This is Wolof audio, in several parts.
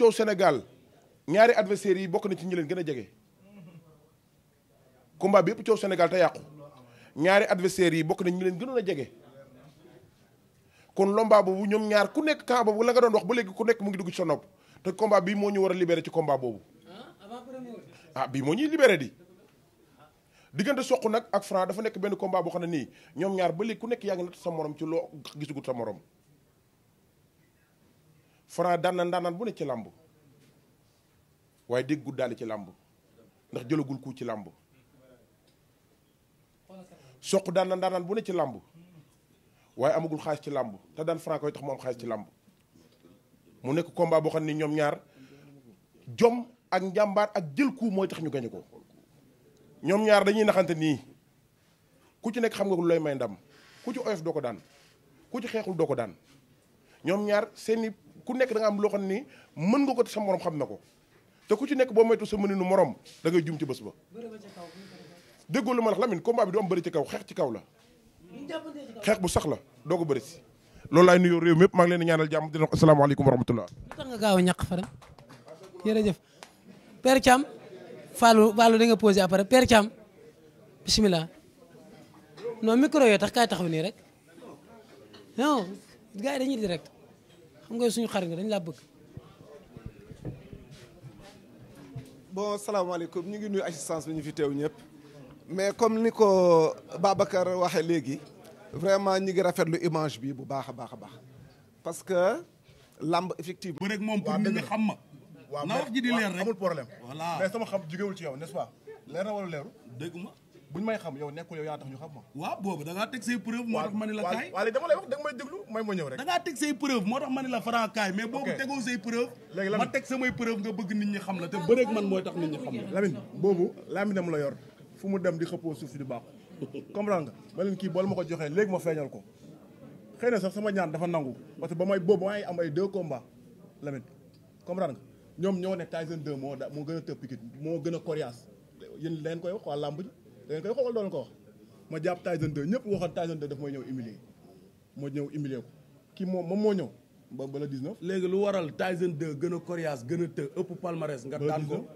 coow Sénégal ñaari adversaires yi bokk na ci ñi leen gën a jege. combat bi yëpp coow Sénégal te yàqu ñaari adversaires yi bokk na leen gënoon a jege. kon lomba boobu ñoom ñaar ku nekk camp boobu la nga doon wax ba léegi ku nekk mu ngi dugg ci sa nopp te combat bii moo ñu war a libéré ci combat boobu. ah bii moo ñuy libéré di. diggante soq nag ak franc dafa nekk benn combat boo xam ne nii ñoom ñaar ba léegi ku nekk yaa ngi natt sa morom ci loo gisagut sa morom. Franc daan na ndaanaan bu ne ci làmb waaye dégg guddaale ci làmb ndax jëlagul ku ci làmb soq daan na bu ne ci làmb waaye amagul xaalis ci làmb te daan Franc koy tax mu am xaalis ci làmb mu nekk combat boo xam ni ñoom ñaar jom ak njàmbaar ak jël ku mooy tax ñu gañe ko ñoom ñaar dañuy naxante nii ku ci nekk xam nga lu lay may ndam ku ci oyof doo ko daan ku ci xeexul doo ko daan ñoom ñaar seeni ku nekk da am loo xam ni mën nga ko te sa morom xam na ko te ku ci nekk boo moytu sa mëninu nu moroom ngay jum ci bés ba. déggoo lu ma wax Lamine combat bi du am bëri ci kaw xeex ci kaw la. xeex bu sax la doo ko bëri si. loolu laay nuyoo réew mi maa ngi leen di ñaanal jàmm di leen wax asalaamaaleykum wa rahmatulah. lu tax nga gaaw a ñàkk Fadam jërëjëf Père Thiam Fallou Fallou da nga posé après tax kaay taxaw nii rek non gars yi dañuy direct. xam nga suñu xarit nga dañ laa bëgg. bon salaamaaleykum ñu ngi nuyu assistance bi ñu fi teew ñëpp mais comme ni ko Babacar waxee léegi vraiment ñu ngi rafetlu image bi bu baax a baax a baax parce que lamb effectivement. rek moom pour nit ñi xam ma. waaw ji di leer amul problème. voilà mais sama xam jugewul ci yow n'est-ce pas leer na wala leeru dégg ma. buñ may xam yow nekkul yow yaa tax ñu xam ma waaw boobu da ngaa teg say preuve moo tax ma ne la kaay waaw léegi dama lay wax da nga may déglu may ma ñëw rek da ngaa teg say preuve moo tax ma ne la Franc mais boobu ma teg samay preuve nga bëgg nit ñi xam la te bëreeg man mooy tax nit ñi xam la Lamine boobu Lamine la yor fu mu dem di xëppoo suuf di baax comprendre nga ma leen kii bool ma ko joxee léegi ma feeñal ko xëy na sax sama ñaan dafa nangu parce que ba may boobu may am ay deux combats Lamine ñoom ñoo ne Tyson 2 moo moo gën a tëb Pikine moo gën a coriace yéen leen koy wax waa làmb dangeen koy xool doon ko ma jàpp Tyson 2 ñëpp waxoon Tyson 2 daf may ñëw humilier ma ñëw humilier ko kii moom moom moo ñëw ba ba la léegi lu waral Tyson 2 gën a coriace gën a të ëpp palmarès nga daan ko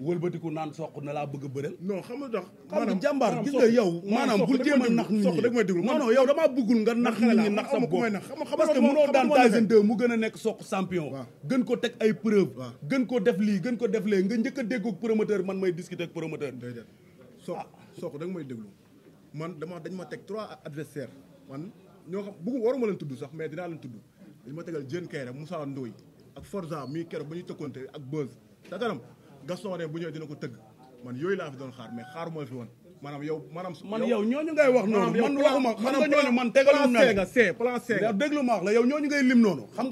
wëlbatiku naan soq na laa bëgg a bëreel. non xam nga tax. maanaam jàmbaar gis yow. maanaam bul jéem a nax nit ñi soq rek ma déglu yow damaa bëggul nga nax nit ñi nax sa bopp parce que noo daan Tyson 2 mu gën a nekk soq champion. gën ko teg ay preuve. gën ko def lii gën ko def lee nga njëkk a déggoog promoteur man may discuter ak promoteur. soq ah. Sokh da nga may déglu man dama dañ ma teg trois adversaires man ñoo xam bëggu waruma leen tudd sax mais dinaa leen tudd dañ ma tegal Diène Kaïré Moussa Ndoye ak Forza mii keroog ba ñuy tëkkoonte ak Beuz sa kanam Gaston ne bu ñëwee dina ko tëgg man yooyu laa fi doon xaar mais xaaruma fi woon maanaam yow maanaam man yow ñooñu ngay wax noonu man waxuma xam nga ñooñu man tegalum na nga c plan c wax la yow ñooñu ngay lim noonu xam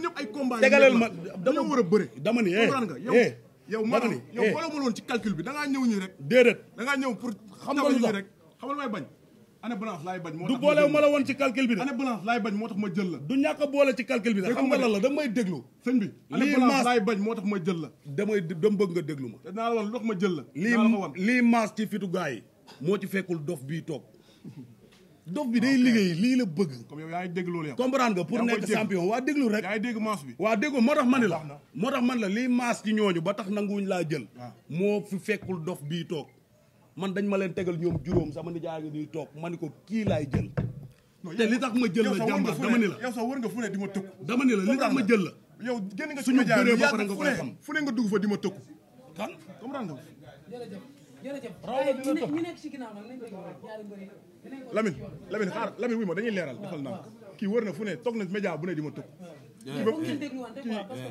nga dama war a bëre dama ni eh, yow eh, yow maanaam yow boole eh. ma woon calcul bi da ñëw ñi rek déedéet da ngaa ñëw pour xam nga lu tax rek xamal may bañ année blanche laay bañ moo tax du boole ma woon ci calcul bi de année blanche laay bañ moo tax ma du ñàkk boole ci calcul bi de xam nga lan la da may déglu sëñ bi année blanche laay bañ moo tax ma jël la damay dama bëgg nga déglu ma dinaa la woon lu tax ma jël la lii lii maas ci fitu gaa yi moo ci fekkul dof bii toog dof bi day liggéey lii la bëgg. comme yow yaa ngi dégg loolu yow. comprendre nga pour nekk champion waa déglu rek. yaa ngi maas bi. waa déggu moo tax man la moo tax man la lii maas ci ñooñu ba tax nanguwuñ laa jël. Ah. moo fi fekkul dof bii toog man dañ ma leen tegal ñoom juróom sama nijaay gi ñuy toog ma ni ko kii laay jël. te li tax ma jël la jàmbaar dama ni la yow sa wër nga fu ne di ma li tax ma jël la. yow génn nga ci suñu bëree ba pare nga koy xam fu ne nga dugg fa di ma tëkk. kan comprendre nga jërëjëf ñu nekk ci ginnaaw nag nañ dégg ñaari la yi Lamine Lamine xaar Lamine wuy ma kii wër na fu ne toog na média bu ne di ma tëb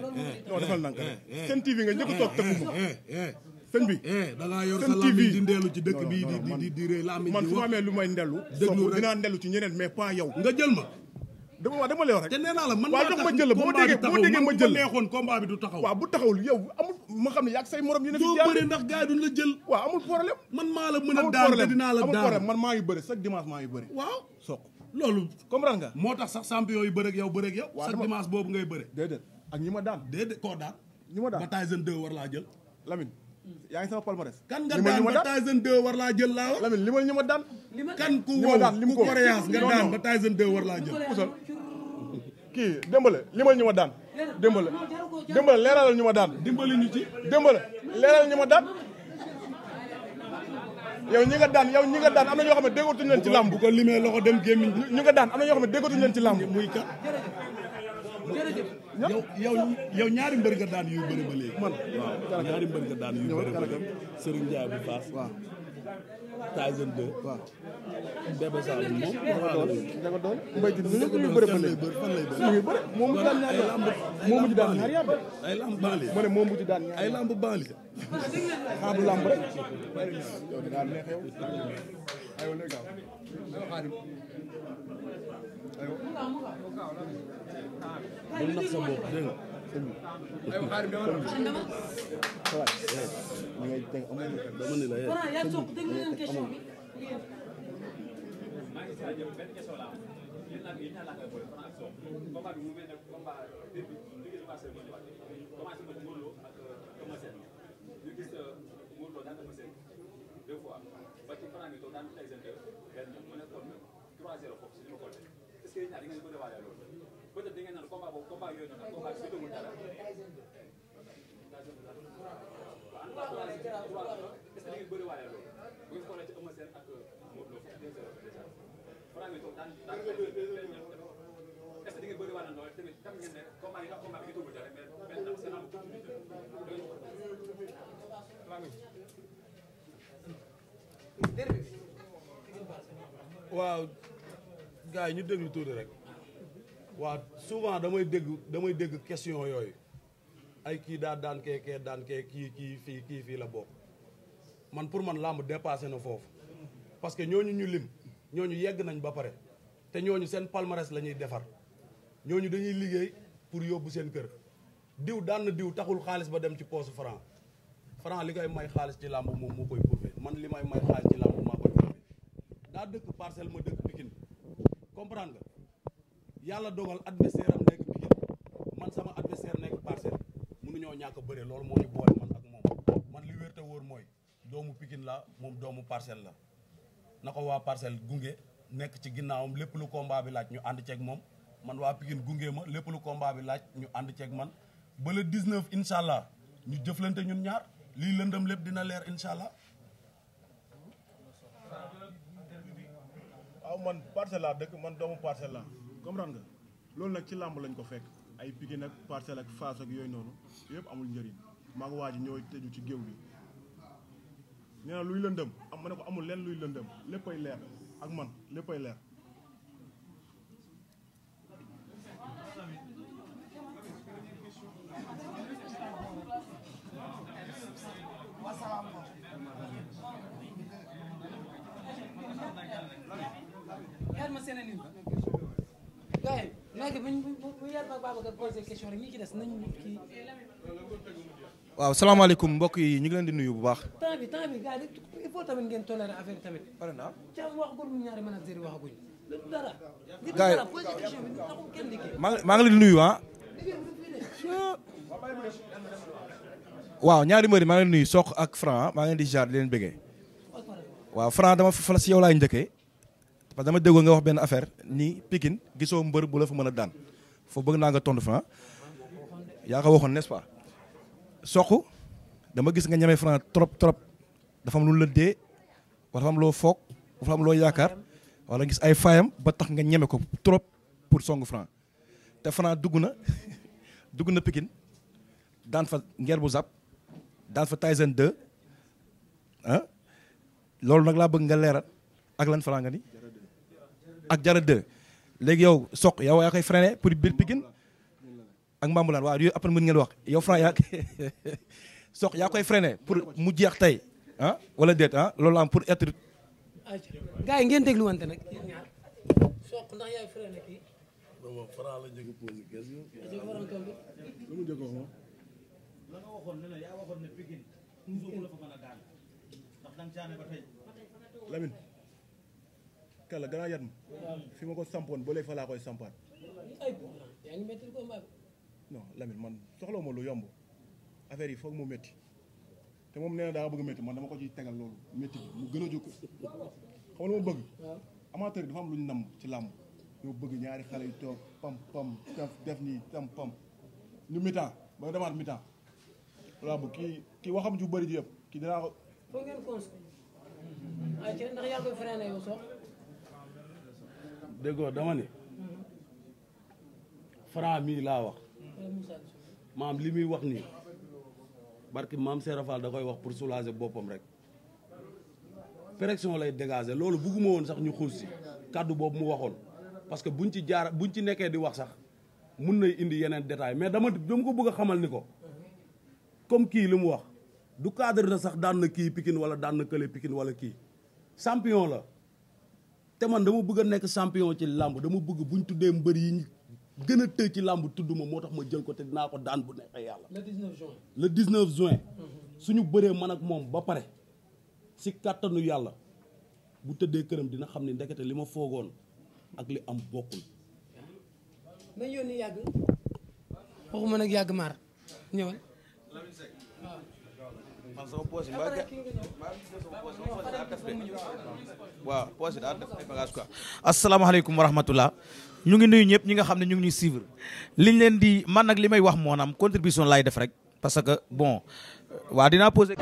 non defal nànk rek eh, eh, eh, seen TV nga njëkk toog tëb ma bi da ngaa di ndellu ci dëkk bi di di di rëy lamine man su ma amee lu may ndellu déglu dinaa ndellu ci ñeneen mais pas yow nga jël ma dama waa dama naa la ma jël la boo déggee boo déggee ma jël neexoon combat bi du taxaw waaw bu taxawul yow ma xam ne yaa say morom ñu ne fi jaar bëri ndax maa la mën a dinaa la daan amul problème man maa ngi bëri chaque dimanche maa ngi bëri waaw soq loolu comprendre nga moo tax sax champion yi bëri ak yow bëri ak yow chaque dimanche boobu ngay bëri déedéet ak ñi ma daan déedéet koo daan ñi laa jël Lamine yaa ngi sama palmarès kan nga daan ba Tyson war laa jël laa wax Lamine ma daan kan ku wow ku coréance nga daan ba Tyson 2 war laa jël kii démbale li ma ñu ma daan dimbale dimbale leeralal ñu ma daan dimbale ñu ci dimbale leeralal ñu ma daan yow ñu nga daan yow ñi nga daan am na ñoo xam ne déggatuñu leen ci làmb ko limee loxo dem gémmiñ ñi nga daan am na ñoo xam ne déggatuñu leen ci làmb muy kat yow yow ñaari mbër daan yuy bëri ba léegi man waaw ñaari mbër nga daan yuy bëri ba léegi Serigne Bébé Saloum moom. Ndiago Doole Mbaye Tine ñun ñëpp ñu bëre fan lay bëre moom mu ci daan ñaari yàlla moom mu ci daan ñaari yàlla ay lamb baali ma ne moom mu ci daan ñaari ay lamb baali xaabu lamb rek bul nax sa bopp dégg nga dama ni eh, la a jëm benn question la am yéen ak yéen ñaar laa koy boole Franc ak Sokh combat bi mu mel ne combat bi liggéey passé moo ñëwaat commencé ma Modou Lo ak Eumeu Sène ñu gis Modou Lo daan Eumeu Sène deux fois ba ci Franc bi toog daan Tyson benn mu ne kon trois zéro foofu si li ma ko est-ce que yéen ñaar di ngeen ko déwaale loolu peut-être da ngeen naan combat boobu combat yooyu noonu ak combat bi dara waaw gars yi ñu déglu tuuti rek waaw souvent damay dégg damay dégg question yooyu ay kii daa daan kee daan kee kii kii fii kii fii la bokk man pour man làmb dépassé na foofu parce que ñooñu ñu lim ñooñu yegg nañ ba pare te ñooñu seen palmarès la ñuy defar ñooñu dañuy liggéey pour yóbbu seen kër diw daan diw taxul xaalis ba dem ci poosu franc franc li koy may xaalis ci làmb moom moo koy prouvé man li may xaalis ci làmb maa koy prouvé daa dëkk parcelle ma dëkk Pikine comprendre nga yàlla dogal adversaire am nekk Pikine man sama adversaire nekk parcelle mënuñoo ñàkk a loolu moo ñu boole man ak moom man li wér te wóor mooy doomu Pikine la moom doomu parcelle la na ko waa parcelle gunge nekk ci ginnaawam lépp lu kombaa bi laaj ñu ànd ceeg moom man waa Pikine gungee ma lépp lu kombaa bi laaj ñu ànd ceeg man ba le 19 incha allah ñu jëflante ñun ñaar lii lëndëm lépp dina leer incha allah. waaw man parcelle laa dëkk man doomu parcelle laa comprendre nga loolu nag ci làmb lañ ko fekk ay Pikine ak parcelle ak Fass ak yooyu noonu yëpp amul njëriñ maa ngi waaj ñooy tëju ci géew bi nee na luy lëndëm am ma ne ko amul leen luy lëndëm léppay leer. ak man léppay leer waaye léegi bu ñu bu yàlla Babacar posé question rek ñi des nañu kii. waaw salaamaaleykum mbokk yi ñu ngi leen di nuyu bu baax. temps faut tamit maa ngi leen di nuyu ah. ñaari mbër maa nuyu Sokh ak Franc maa ngi di jaar di leen bëggee. waaw Franc dama fa si yow laay njëkkee. parce dama déggoo nga wax benn affaire ni Pikine gisoo mbër bu la fa mën a daan foo bëgg naa nga tontu Franc yaa ko waxoon n'est-ce pas dama gis nga ñeme Franc trop trop. dafa am lu lëddee wala dafa am loo foog dafa am loo yaakaar wala gis ay faayam ba tax nga ñeme ko trop pour songu Franc te Franc dugg na dugg na Pikine daan fa ngeer bu zap daan fa Tyson 2 ah loolu nag laa bëgg nga leeral ak lan Franc nga ni ak Jara 2 léegi yow soq yow yaa koy freiné pour biir Pikine ak Mbambulaan waa yooyu après mën ngeen wax yow Franc yaa soq yaa koy freiné pour mu jeex tey Ah, ah, loolu am pour être. gars yi ngeen dégluwante nag. soq a wax. la nga waxoon ne kala gannaaw yat ma. fi ma ko sampoon ba léegi fa laa koy sampaat. non Lamine man soxla ma lu yomb affaire yi foog mu métti. moom nee na daa bëgg métti man dama ko ciy tegal loolu métti mu gën a jóg xam lu ma bëgg amateur dafa am lu ñu nam ci làmb bëgg ñaari xale yu toog pam pam def def nii pam ñu mitan ba demaat mitan laa bëgg kii kii waxam ju bari ji yëpp kii dinaa ko foo ndax yàlla koy freiné sox déggoo dama ne hmm. Franc mii laa wax maam li muy wax nii barki maam Serap Fall da koy wax pour soulager boppam rek pression lay dégager loolu bugguma woon sax ñu xuus si kàddu boobu mu waxoon parce que buñ ci jaar buñ ci nekkee di wax sax mun na indi yeneen détail mais dama dama ko bëgg a xamal ni ko comme kii li mu wax du cadre na sax daan na kii Pikine wala daan na kële Pikine wala kii champion la te man dama bëgg a nekk champion ci làmb dama bëgg buñ tuddee mbër yi gën a tëj ci làmb tudd ma moo tax ma jël ko te dinaa ko daan bu neexee yàlla. le 19 juin le 19 juin. Mm-hmm. suñu bëree man ak moom ba pare si kàttanu yàlla bu tëddee këram dina xam ne ndekete li ma foogoon ak li am bokkul. nañ yónni yàgg mën nag yàgg maar ñëwal. man sama poche yi mbaa wa rahmatulah ñu ngi nuyu ñëpp ñi nga xam ne ñu ngi ñuy suivre liñ leen di man nag li may wax moo naam contribution laay def rek parce que bon waa dinaa poser.